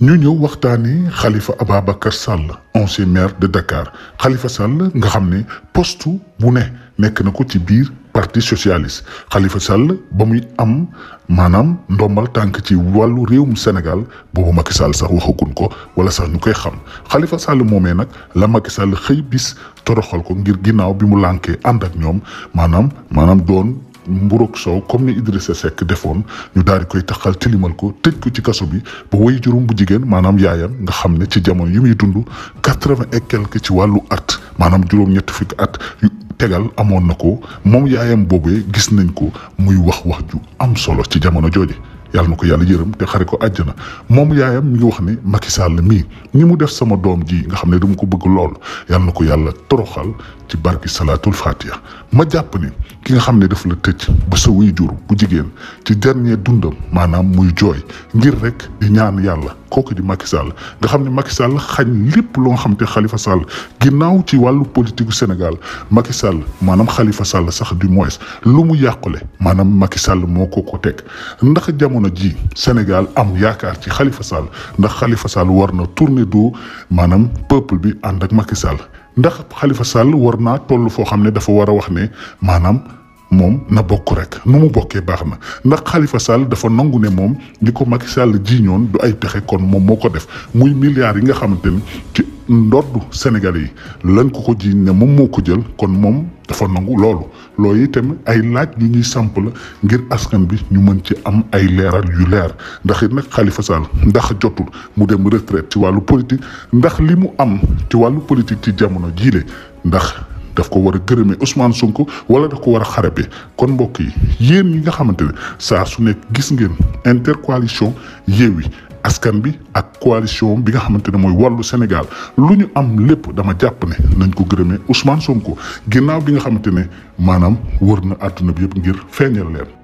ñu ñëw waxtaanee xalifa ababacar sall ancien maire de dakar xalifa sall nga xam ne poste bu ne nekk na ko ci biir parti socialiste xalifa sall ba muy am maanaam ndombal tànk ci wàllu réewum sénégal boobu Macky Sall sax waxagun ko wala sax ñu koy xam xalifa sall moomee nag la Macky Sall xëy bis toroxal ko ngir ginnaaw bi mu lànkee ànd ak ñoom maanaam maanaam doon mburoog soow comme ni Idrissa Seck defoon ñu daal di koy taxal tilimal ko tëj ko ci kaso bi ba way juróom bu jigéen maanaam yaayam nga xam ne ci jamono yi muy dund quatre-vingt et quelque ci wàllu at maanaam juróom-ñetti fukki at tegal amoon na ko moom yaayam boobee gis nañ ko muy wax wax ju am solo ci jamono jooje. yalla na ko yeureum te xari ko aljana mom yaayam mi ngi wax ni Macky Sall mi ni mu def sama dom ji nga xamne dum ko bëgg lool yalla nako yalla toroxal ci barki salatul fatiha ma japp ni ki nga xamne def la tecc ba sa wuy jur bu jigen ci dernier dundam manam muy joy ngir rek di ñaan yalla koku di Macky Sall nga xamne Macky Sall xagn lepp lo nga xam te Khalifa Sall ginaaw ci walu politique Sénégal Macky Sall manam Khalifa Sall sax du moins lu mu manam Macky Sall moko ko tek ndax jamono Sénégal am yaakaar ci Khalifa Sall ndax Khalifa Sall warna tourner du manam peuple bi ànd ak Macky Sall ndax Khalifa Sall warna tollu fo xamne dafa wara wax ne manam moom na bokk rek nu mu bokkee baax na ndax xalifa Sall dafa nangu ne moom li ko Macky Sall jiiñoon du ay pexe kon moom moo ko def muy milliards yi nga xamante ni ci ndoddu Sénégalais yi lan ko ko jiiñ ne moom moo ko jël kon moom dafa nangu loolu loolu itam ay laaj yu ñuy samp la ngir askan bi ñu mën ci am ay leeral yu leer ndax it nag Khalifa Sall ndax jotul mu dem retraite ci wàllu politique ndax li mu am ci wàllu politique ci jamono jiile ndax daf ko war a gërëme Ousmane Sonko wala daf ko war a xare bi kon mbokk yi yéen ñi nga xamante ne saa su nekk gis ngeen intercoalition Yewwi askan bi ak coalition bi nga xamante ne mooy wallu Sénégal lu ñu am lépp dama jàpp ne nañ ko gërëmee Ousmane Sonko ginnaaw bi nga xamante ne maanaam wër na àdduna bi yëpp ngir feeñal leen.